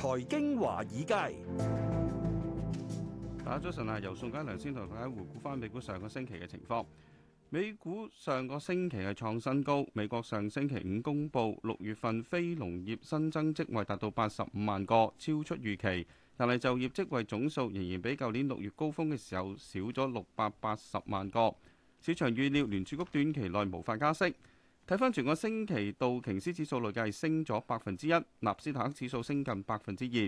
財經華爾街，打早晨，啊！由宋嘉良先同大家回顧翻美股上個星期嘅情況。美股上個星期係創新高。美國上星期五公布六月份非農業新增職位達到八十五萬個，超出預期。但係就業職位總數仍然比舊年六月高峰嘅時候少咗六百八十萬個。市場預料聯儲局短期內無法加息。睇翻全個星期道瓊斯指數累計升咗百分之一，納斯達克指數升近百分之二，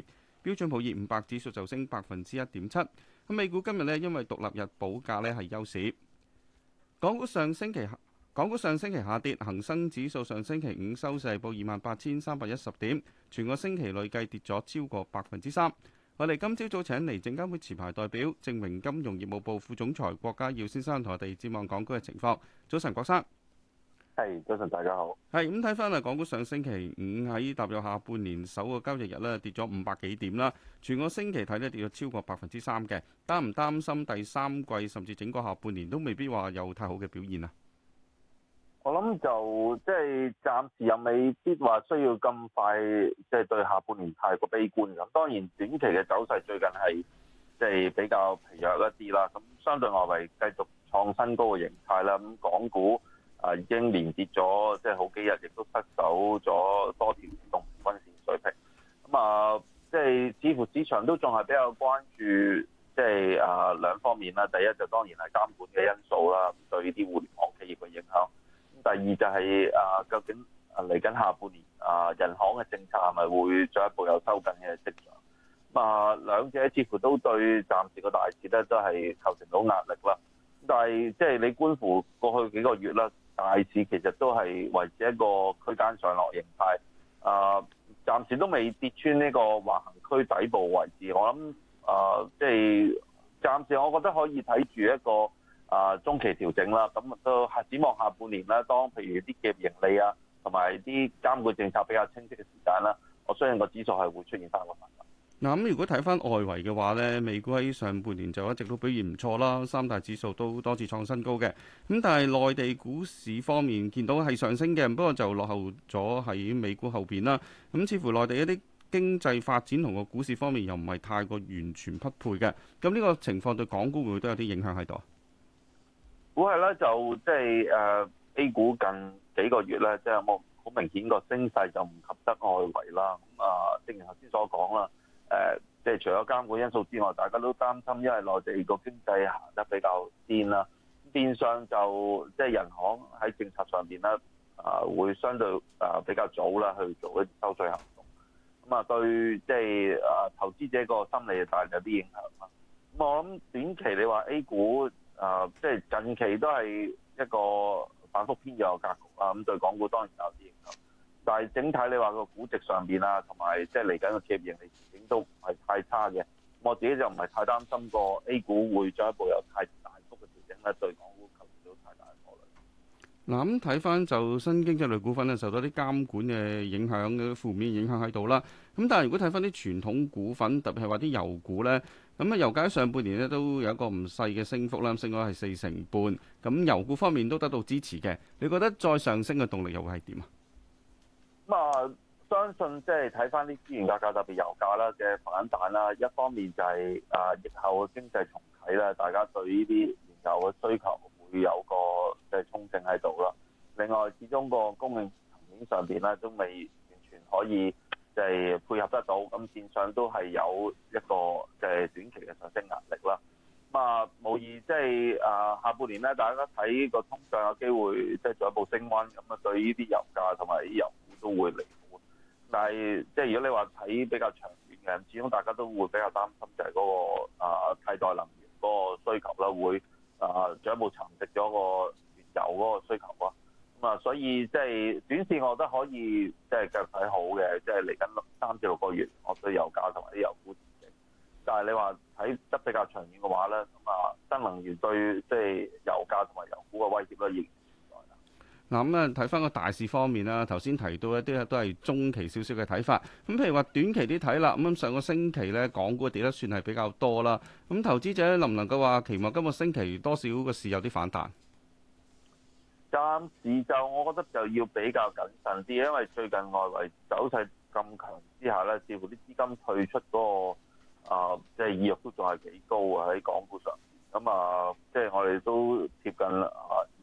標準普爾五百指數就升百分之一點七。咁美股今日呢，因為獨立日保價呢係休市。港股上星期，港股上星期下跌，恒生指數上星期五收勢報二萬八千三百一十點，全個星期累計跌咗超過百分之三。我哋今朝早早請嚟證監會持牌代表，正榮金融業務部副總裁郭家耀先生同我哋展望港股嘅情況。早晨，郭生。係，早晨，大家好。係咁睇翻啊，港股上星期五喺、嗯、踏入下半年首個交易日咧，跌咗五百幾點啦。全個星期睇咧，跌咗超過百分之三嘅。擔唔擔心第三季甚至整個下半年都未必話有太好嘅表現啊？我諗就即係暫時又未必話需要咁快，即、就、係、係、對下半年太過悲觀咁。當然短期嘅走勢最近係即係比較疲弱一啲啦。咁相對外圍繼續創新高嘅形態啦。咁港股。啊！已經連跌咗，即係好幾日，亦都失守咗多條主動均線水平。咁、嗯、啊，即係似乎市場都仲係比較關注，即係啊兩方面啦。第一就當然係監管嘅因素啦，對呢啲互聯網企業嘅影響。咁第二就係、是、啊，究竟嚟緊、啊、下，下半年啊，人行嘅政策係咪會進一步有收緊嘅跡象？啊，兩者似乎都對暫時個大市咧都係構成到壓力啦。但係即係你觀乎過去幾個月啦。大市其實都係維持一個區間上落形態，啊、呃，暫時都未跌穿呢個橫行區底部位置，我諗啊，即、呃、係、就是、暫時我覺得可以睇住一個啊、呃、中期調整啦。咁、嗯、都展望下半年啦，當譬如啲嘅盈利啊，同埋啲監管政策比較清晰嘅時間啦，我相信個指數係會出現翻個反嗱咁，如果睇翻外圍嘅話咧，美股喺上半年就一直都表現唔錯啦，三大指數都多次創新高嘅。咁但係內地股市方面見到係上升嘅，不過就落後咗喺美股後邊啦。咁似乎內地一啲經濟發展同個股市方面又唔係太過完全匹配嘅。咁呢個情況對港股會唔會都有啲影響喺度？估係啦，就即係誒 A 股近幾個月咧，即係冇好明顯個升勢就唔及得外圍啦。咁啊，正如頭先所講啦。誒，即係除咗監管因素之外，大家都擔心，因為內地個經濟行得比較癲啦。變相就即係、就是、人行喺政策上邊咧，啊、呃，會相對啊比較早啦去做一啲收稅行動。咁、就是、啊，對即係啊投資者個心理帶有啲影響啦。咁我諗短期你話 A 股啊，即、呃、係、就是、近期都係一個反覆偏弱嘅格局。咁對港股當然有啲。但係，整體你話個估值上面啊，同埋即係嚟緊個企業盈利前景都唔係太差嘅。我自己就唔係太擔心過 A 股會進一步有太大幅嘅調整咧，對港股構成到太大嘅考慮。嗱，咁睇翻就新經濟類股份咧，受到啲監管嘅影響嘅負面影響喺度啦。咁但係如果睇翻啲傳統股份，特別係話啲油股呢，咁啊油價喺上半年呢，都有一個唔細嘅升幅啦，升個係四成半。咁油股方面都得到支持嘅，你覺得再上升嘅動力又會係點啊？咁啊，相信即係睇翻啲資源價格，特別油價啦嘅反彈啦。一方面就係啊疫後經濟重啟啦，大家對呢啲原油嘅需求會有個即係衝勁喺度啦。另外，始終個供應層面上邊咧都未完全可以即係配合得到，咁線上都係有一個嘅短期嘅上升壓力啦。咁、就是、啊，無疑即係啊下半年咧，大家睇個通脹有機會即係進一步升溫，咁啊對呢啲油價同埋油。都會離股，但係即係如果你話睇比較長遠嘅，始終大家都會比較擔心就係嗰、那個啊替代能源嗰個需求啦，會啊進一步沉積咗個原油嗰個需求啊。咁啊，所以即係、就是、短線我覺得可以即係繼續睇好嘅，即係嚟緊三至六個月，我對油價同埋啲油股，但係你話睇得比較長遠嘅話咧，咁啊，新能源對即係、就是、油價同埋。嗱咁啊，睇翻個大市方面啦，頭先提到一啲都係中期少少嘅睇法。咁譬如話短期啲睇啦，咁上個星期呢，港股跌得算係比較多啦。咁投資者能唔能夠話期望今個星期多少個市有啲反彈？暫時就我覺得就要比較謹慎啲，因為最近外圍走勢咁強之下呢，似乎啲資金退出嗰個啊，即係，呃，就是意欲都仲係幾高喺港股上。咁，嗯，啊，即係，呃，就是我哋都接近啦。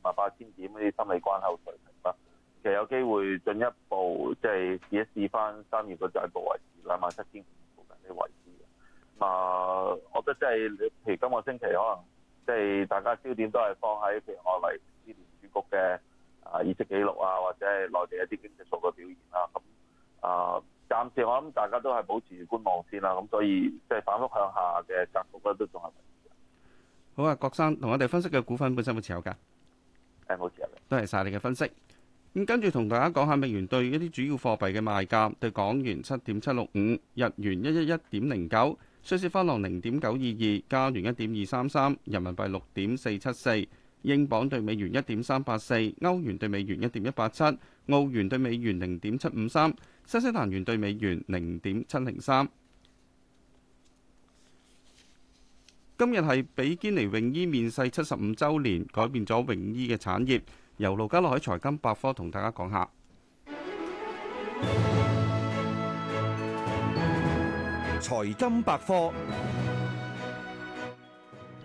萬八千點嗰啲心理關口水平啦，其實有機會進一步即係試一試翻三月嗰陣部位兩萬七千附近嘅位置。啊，我覺得即係譬如今個星期，可能即係大家焦點都係放喺譬如外圍啲聯儲局嘅啊議息記錄啊，或者係內地一啲經濟數據表現啦。咁啊，暫時我諗大家都係保持觀望先啦。咁所以即係反覆向下嘅格局都仲係。好啊，郭生同我哋分析嘅股份本身會持有噶。多謝晒你嘅分析。咁跟住同大家講下美元對一啲主要貨幣嘅賣價，對港元七點七六五，日元一一一點零九，瑞士法郎零點九二二，加元一點二三三，人民幣六點四七四，英鎊對美元一點三八四，歐元對美元一點一八七，澳元對美元零點七五三，新西蘭元對美元零點七零三。今日係比堅尼泳衣面世七十五周年，改變咗泳衣嘅產業。由盧嘉樂喺財金百科同大家講下財金百科。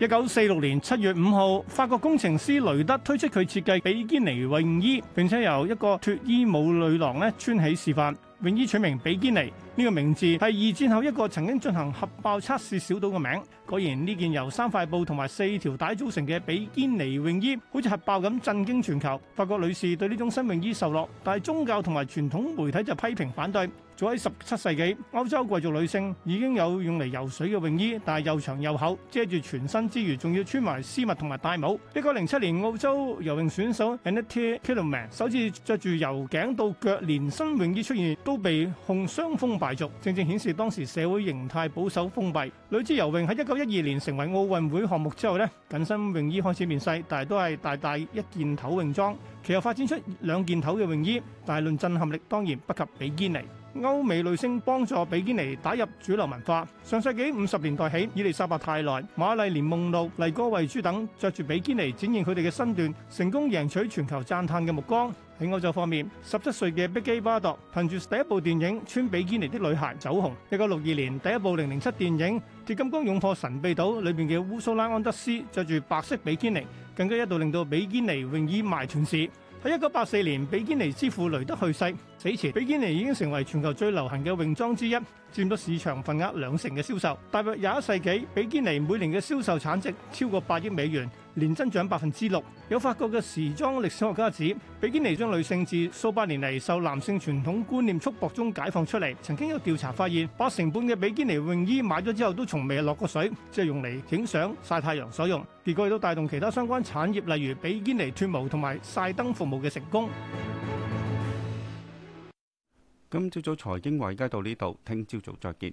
一九四六年七月五號，法國工程師雷德，推出佢設計比堅尼泳衣，並且由一個脫衣舞女郎咧穿起示範。泳衣取名比堅尼呢個名字係二戰後一個曾經進行核爆測試小島嘅名。果然呢件由三塊布同埋四條帶組成嘅比堅尼泳衣，好似核爆咁震驚全球。法國女士對呢種新泳衣受落，但係宗教同埋傳統媒體就批評反對。早喺十七世紀，歐洲貴族女性已經有用嚟游水嘅泳衣，但係又長又厚，遮住全身之餘，仲要穿埋絲襪同埋戴帽。一九零七年，澳洲游泳選，選手 Annette Kellerman 首次着住由頸到腳連身泳衣出現，都被控傷風敗俗，正正顯示當時社會形態保守封閉。女子游泳喺1912年成為奧運會項目之後呢，緊身泳衣開始面世，但係都係大大一件頭泳裝。其後發展出兩件頭嘅泳衣，但論震撼力當然不及比堅尼。歐美女星幫助比堅尼打入主流文化。上世紀五十年代起，伊利沙伯·泰萊、瑪麗蓮·夢露、麗哥維珠等著住比堅尼展現佢哋嘅身段，成功贏取全球讚嘆嘅目光。喺歐洲方面，十七歲嘅碧姬巴度憑住第一部電影《穿比基尼的女孩》走紅。一九六二年第一部零零七電影《鐵金剛勇破神秘島》裏面嘅烏蘇拉安德斯着住白色比基尼，更加一度令到比基尼泳衣賣斷市。喺一九八四年，比基尼之父雷德去世。此前，比基尼已經成為全球最流行嘅泳裝之一，佔咗市場份額兩成嘅銷售。踏入廿一世紀，比基尼每年嘅銷售產值超過百億美元，年增長百分之六。有法國嘅時裝歷史學家指，比基尼將女性自數百年嚟受男性傳統觀念束縛中解放出嚟。曾經有調查發現，八成半嘅比基尼泳衣買咗之後都從未落過水，即係用嚟影相、曬太陽所用。結果亦都帶動其他相關產業，例如比基尼脫毛同埋曬燈服務嘅成功。今朝、嗯、早財經華爾街到呢度，聽朝早再見。